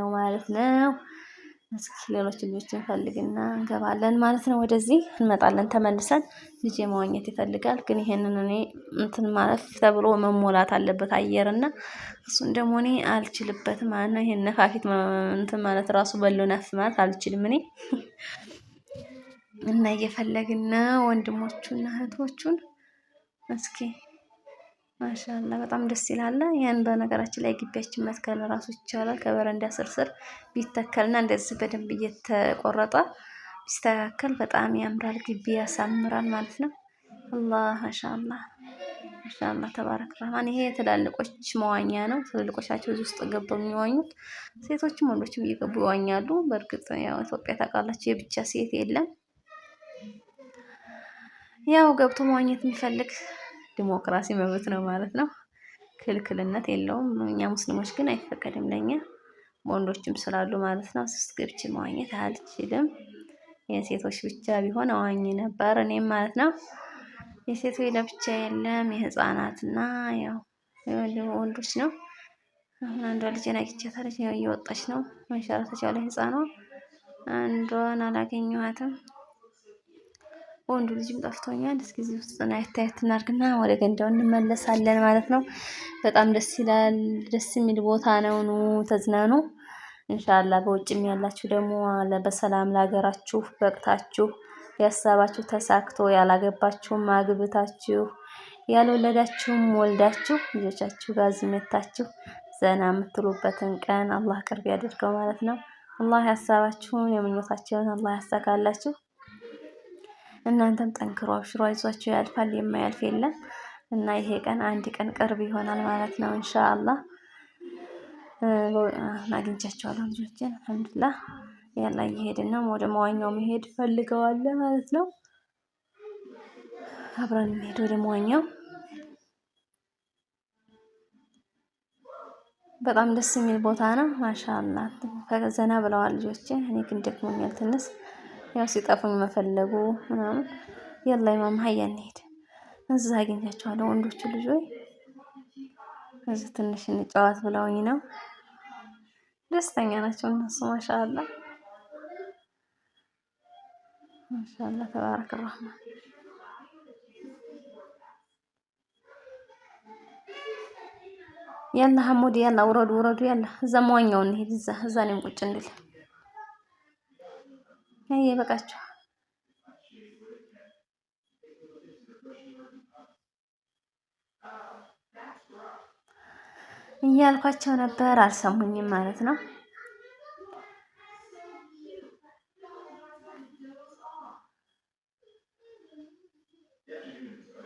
ነው ማለት ነው። ሌሎች ልጆች እንፈልግና እንገባለን ማለት ነው። ወደዚህ እንመጣለን ተመልሰን። ልጅ መዋኘት ይፈልጋል፣ ግን ይሄንን እኔ እንትን ማለት ተብሎ መሞላት አለበት አየርና እሱን ደግሞ እኔ አልችልበትም ማለት ነው። ይሄን ነፋፊት እንትን ማለት ራሱ በሎ ነፍ ማለት አልችልም እኔ እና እየፈለግን ወንድሞቹና እህቶቹን እስኪ ማሻላ በጣም ደስ ይላል። ይህን በነገራችን ላይ ግቢያችን መትከል ራሱ ይቻላል። ከበረንዳ ስርስር ቢተከልና እንደዚህ በደንብ እየተቆረጠ ቢስተካከል በጣም ያምራል፣ ግቢ ያሳምራል ማለት ነው። አላህ ማሻላ ማሻላ ተባረክ ረህማን። ይሄ ትላልቆች መዋኛ ነው። ትልልቆች ናቸው እዚህ ውስጥ ገብተው የሚዋኙት። ሴቶችም ወንዶችም እየገቡ ይዋኛሉ። በእርግጥ ያው ኢትዮጵያ ታውቃላችሁ የብቻ ሴት የለም። ያው ገብቶ መዋኘት የሚፈልግ ዲሞክራሲ መብት ነው ማለት ነው። ክልክልነት የለውም። እኛ ሙስሊሞች ግን አይፈቀድም ለኛ ወንዶችም ስላሉ ማለት ነው። ሶስት ገብቼ መዋኘት አልችልም። የሴቶች ብቻ ቢሆን አዋኝ ነበር እኔም ማለት ነው። የሴቱ ለብቻ የለም የህፃናትና ያው ወንዶች ነው። አሁን አንዷ ልጅ ናቂቻታለች እየወጣች ነው መንሸራተቻው ላይ ህፃኗ። አንዷን አላገኘኋትም። ወንዱ ልጅም ጠፍቶኛል። እስኪ እዚህ ውስጥ የታየት እናርግና ወደ ገንዳው እንመለሳለን ማለት ነው። በጣም ደስ ይላል። ደስ የሚል ቦታ ነው። ኑ ተዝናኑ። እንሻላ በውጭም ያላችሁ ደግሞ በሰላም ለሀገራችሁ በቅታችሁ ያሳባችሁ ተሳክቶ ያላገባችሁም አግብታችሁ ያልወለዳችሁም ወልዳችሁ ልጆቻችሁ ጋር ዝመታችሁ ዘና የምትሉበትን ቀን አላህ ቅርብ ያደርገው ማለት ነው። አላህ ያሳባችሁን የምኞታችሁን አላህ ያሳካላችሁ። እናንተም ጠንክሮ አብሽሮ አይዟቸው ያልፋል፣ የማያልፍ የለም እና ይሄ ቀን አንድ ቀን ቅርብ ይሆናል ማለት ነው ኢንሻአላህ። አግኝቻቸዋለሁ ልጆችን አልሐምዱሊላህ። ያላ እየሄድን ነው ወደ መዋኛው መሄድ ፈልገዋል ማለት ነው። አብረን እንሄድ ወደ መዋኛው። በጣም ደስ የሚል ቦታ ነው። ማሻአላ ዘና ብለዋል ልጆችን። እኔ ግን ደግሞ ትንሽ ያው ሲጠፉኝ መፈለጉ ምናምን የላ ማማ ሀያ እንሄድ እዚህ አገኛቸዋለሁ። ወንዶቹ ልጆች እዚህ ትንሽ እንጫወት ብለውኝ ነው። ደስተኛ ናቸው እነሱ ማሻአላ ማሻአላ ተባረክ ረህማን ያላ ሐሙድ ያላ ውረዱ ውረዱ ያላ እዛ መዋኛውን እንሄድ እዛ እዛ እኔም ቁጭ እንድል ይሄ ይበቃችኋል። እያልኳቸው ነበር፣ አልሰሙኝም ማለት ነው።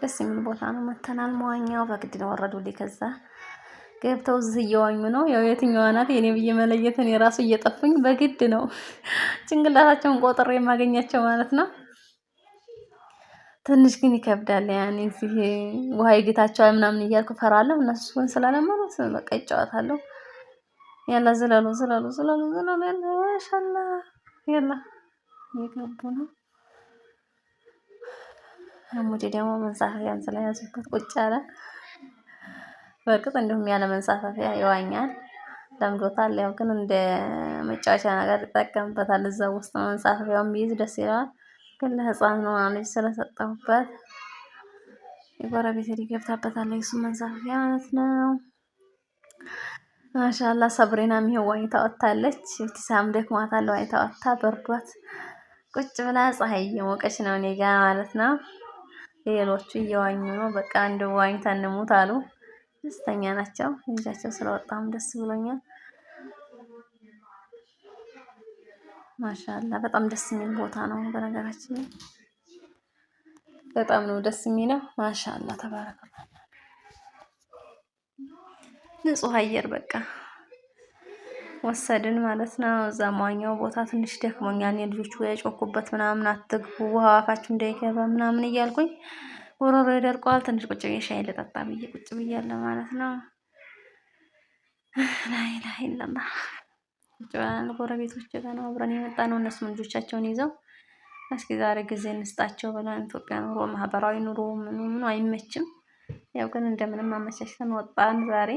ደስ የሚል ቦታ ነው። መተናል መዋኛው በግድ ነው ወረዱልኝ ከዛ ገብተው እዚህ እየዋኙ ነው። ያው የትኛዋ ናት የኔ ብዬ መለየትን የራሱ እየጠፉኝ በግድ ነው ጭንቅላታቸውን ቆጥሬ የማገኛቸው ማለት ነው። ትንሽ ግን ይከብዳል። ያኔ እዚህ ውሃ ይግታቸዋል ምናምን እያልኩ ፈራለሁ። እነሱ ግን ስላለመሉት በቃ ይጫወታለሁ። ያላ ዝለሉ ዝለሉ ዝለሉ ዝለሉ ያለ ማሻላ ያላ እየገቡ ነው። አሙዴ ደግሞ መጽሐፍ ያዙበት ቁጭ አለ። በእርግጥ እንዲሁም ያለ መንሳፈፊያ ይዋኛል ለምዶታል። ያው ግን እንደ መጫወቻ ነገር ይጠቀምበታል። እዛ ውስጥ መንሳፈፊያውን ቢይዝ ደስ ይለዋል። ግን ለህፃን ነው ልጅ ስለሰጠሁበት የጎረቤት ሄድ ይገብታበታል። የሱ መንሳፈፊያ ማለት ነው። ማሻላ ሰብሬና ይሄው ዋኝታ ወጥታለች። ኢብቲሳም ደክሟታል። ዋኝታ ወጥታ በርዷት ቁጭ ብላ ፀሐይ እየሞቀች ነው እኔ ጋ ማለት ነው። ሌሎቹ እየዋኙ ነው። በቃ እንደ ዋኝታ እንሙት አሉ። ደስተኛ ናቸው። ልጃቸው ስለወጣም ደስ ብሎኛል። ማሻላ በጣም ደስ የሚል ቦታ ነው። በነገራችን በጣም ነው ደስ የሚለው። ማሻላ ተባረከ። ንጹህ አየር በቃ ወሰድን ማለት ነው። እዛ መዋኛው ቦታ ትንሽ ደክሞኛል። ልጆቹ የጮኩበት ምናምን አትግቡ ውሃ አፋችሁ እንዳይገባ ምናምን እያልኩኝ ጎሮሮ ደርቋል። ትንሽ ቁጭ ብዬ ሻይ ልጠጣ ብዬ ቁጭ ብያለሁ ማለት ነው። ላይላይ ለላ ቁጭ ብለን ጎረቤቶች ጋር ነው አብረን የመጣ ነው። እነሱም ልጆቻቸውን ይዘው እስኪ ዛሬ ጊዜ እንስጣቸው ብለን ኢትዮጵያ ኑሮ ማህበራዊ ኑሮ ምኑ ምኑ አይመችም። ያው ግን እንደምንም አመቻችተን ወጣን ዛሬ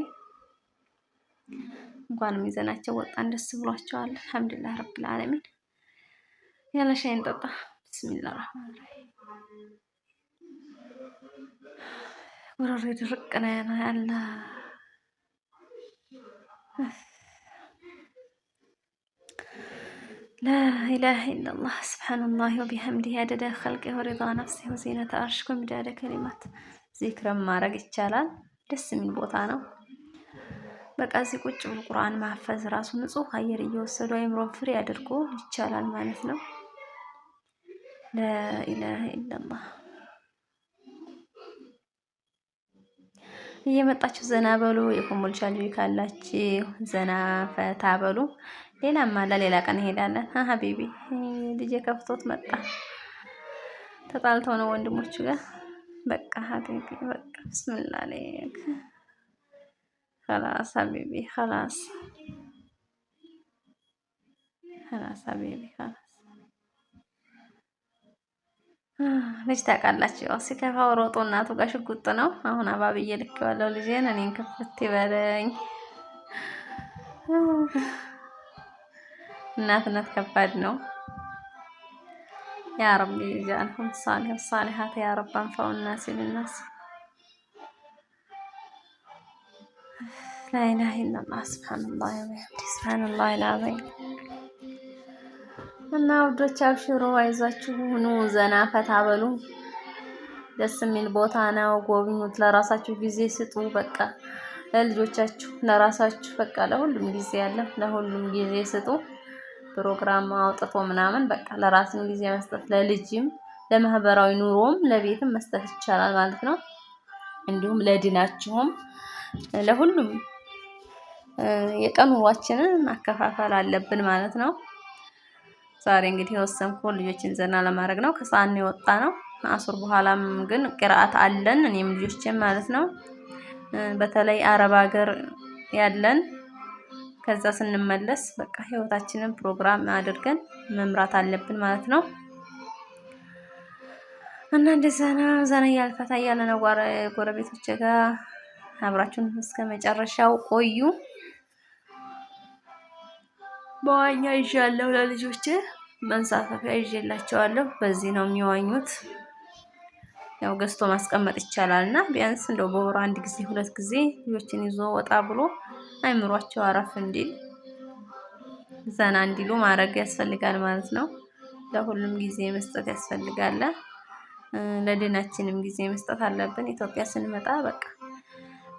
እንኳንም ይዘናቸው ወጣን። ደስ ብሏቸዋል። አልሐምዱሊላህ ረብል ዓለሚን። ያለ ሻይን ጠጣ። ብስሚላህ ጉሮሮ ድርቅ ነው ያለ። ላኢላሃ ኢለላህ ስብሓንላህ ወቢሐምዲህ አደደ ኸልቂ ወሪዳ ነፍሲ ዜነተ አርሽ ወሚዳደ ከሊማት ዚክረም ማድረግ ይቻላል። ደስ የሚል ቦታ ነው። በቃ እዚህ ቁጭ ብሎ ቁርአን ማፈዝ ራሱ ንጹህ አየር እየወሰዱ አይምሮ ፍሬ አድርጎ ይቻላል ማለት ነው። ላኢላሃ ኢለላህ እየመጣችሁ ዘና በሉ። የኮምቦልቻ ልጅ ካላችሁ ዘና ፈታ በሉ። ሌላም አለ። ሌላ ቀን እንሄዳለን። ሀቢቢ ልጄ ከፍቶት መጣ። ተጣልተው ነው ወንድሞቹ ጋር። በቃ ሀቢቢ በቃ ብስምላ አለይክ ከላስ ሀቢቢ ከላስ ከላስ ሀቢቢ ከላስ ልጅ ታውቃላችሁ፣ ያው ሲከፋው ሮጦ እናቱ ጋር ሽጉጥ ነው። አሁን አባብዬ ልኬዋለሁ ልጄን። እኔን ክፍት ይበለኝ። እናትነት ከባድ ነው። ያ ረቢ ጃልሁም ሳሊህ ሳሊሃት ያ ረብ አንፋው الناس للناس لا اله الا الله سبحان الله እና ውዶች አብሽሮ አይዛችሁ ሁኑ፣ ዘና ፈታ በሉ። ደስ የሚል ቦታ ነው፣ ጎብኙት። ለራሳችሁ ጊዜ ስጡ። በቃ ለልጆቻችሁ፣ ለራሳችሁ፣ በቃ ለሁሉም ጊዜ ያለ ለሁሉም ጊዜ ስጡ። ፕሮግራም አውጥቶ ምናምን በቃ ለራስም ጊዜ መስጠት ለልጅም ለማህበራዊ ኑሮም ለቤትም መስጠት ይቻላል ማለት ነው። እንዲሁም ለድናችሁም ለሁሉም የቀን ኑሯችንን ማከፋፈል አለብን ማለት ነው። ዛሬ እንግዲህ የወሰንኩ ልጆችን ዘና ለማድረግ ነው። ከሰዓት ነው የወጣ ነው። አሱር በኋላም ግን ቅርአት አለን። እኔም ልጆችን ማለት ነው። በተለይ አረብ ሀገር ያለን ከዛ ስንመለስ በቃ ህይወታችንን ፕሮግራም አድርገን መምራት አለብን ማለት ነው። እና እንደ ዘና ዘና እያልፈታ እያለ ነው ጎረቤቶች ጋር አብራችሁን እስከ መጨረሻው ቆዩ። መዋኛ ይዣለሁ ለልጆቼ መንሳፈፊያ ይዤላቸዋለሁ። በዚህ ነው የሚዋኙት። ያው ገዝቶ ማስቀመጥ ይቻላል እና ቢያንስ እንደው በወር አንድ ጊዜ ሁለት ጊዜ ልጆችን ይዞ ወጣ ብሎ አይምሯቸው አረፍ እንዲል ዘና እንዲሉ ማድረግ ያስፈልጋል ማለት ነው። ለሁሉም ጊዜ መስጠት ያስፈልጋል። ለደህናችንም ጊዜ መስጠት አለብን። ኢትዮጵያ ስንመጣ በቃ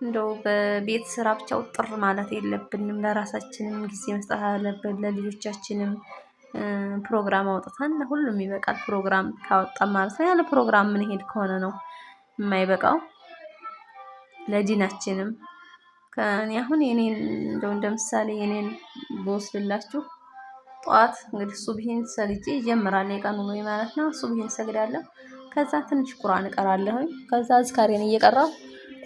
እንደው በቤት ስራ ብቻ ውጥር ማለት የለብንም። ለራሳችንም ጊዜ መስጠት አለብን። ለልጆቻችንም ፕሮግራም አውጥተን ሁሉም ይበቃል። ፕሮግራም ካወጣ ማለት ነው። ያለ ፕሮግራም ምንሄድ ከሆነ ነው የማይበቃው። ለዲናችንም ከኔ አሁን የኔን እንደው እንደምሳሌ የኔን ብወስድላችሁ ጠዋት እንግዲህ ሱብሂን ሰግጄ ይጀምራል የቀኑ ነው ማለት ነው። ሱብሂን ሰግዳለሁ። ከዛ ትንሽ ቁርአን እቀራለሁ። ከዛ አዝካሬን እየቀራሁ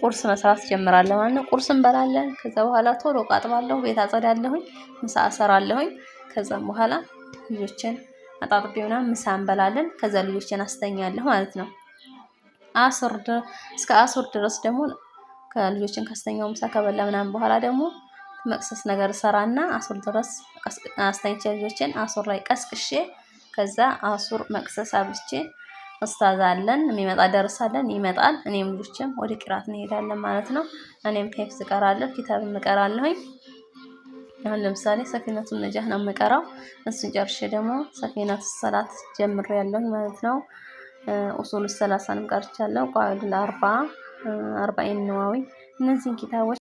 ቁርስ መስራት ጀምራለሁ ማለት ነው። ቁርስ እንበላለን። ከዛ በኋላ ቶሎ ቃጥባለሁ፣ ቤት አጸዳለሁኝ፣ ምሳ እሰራለሁኝ። ከዛም በኋላ ልጆችን አጣጥቤ ምናምን ምሳ እንበላለን። ከዛ ልጆችን አስተኛለሁ ማለት ነው። አስር እስከ አስር ድረስ ደግሞ ከልጆችን ካስተኛው ምሳ ከበላ ምናምን በኋላ ደግሞ መቅሰስ ነገር ሰራና አሱር ድረስ አስተኝቼ ልጆችን አሱር ላይ ቀስቅሼ ከዛ አሱር መቅሰስ አብስቼ። ኡስታዝ አለን የሚመጣ ደርሳለን ይመጣል። እኔም ልጆችም ወደ ቂራት እንሄዳለን ማለት ነው። እኔም ሂፍዝ እቀራለሁ፣ ኪታብ እቀራለሁኝ። አሁን ለምሳሌ ሰፊነቱን ነጃህ ነው የምቀራው። እሱን ጨርሼ ደግሞ ሰፊነቱ ሰላት ጀምሬ ያለሁኝ ማለት ነው። ኡሱሉ ሰላሳንም ቀርቻለሁ። ቃዋኢዱል አርባ አርባኢን ነዋዊ እነዚህን ኪታቦች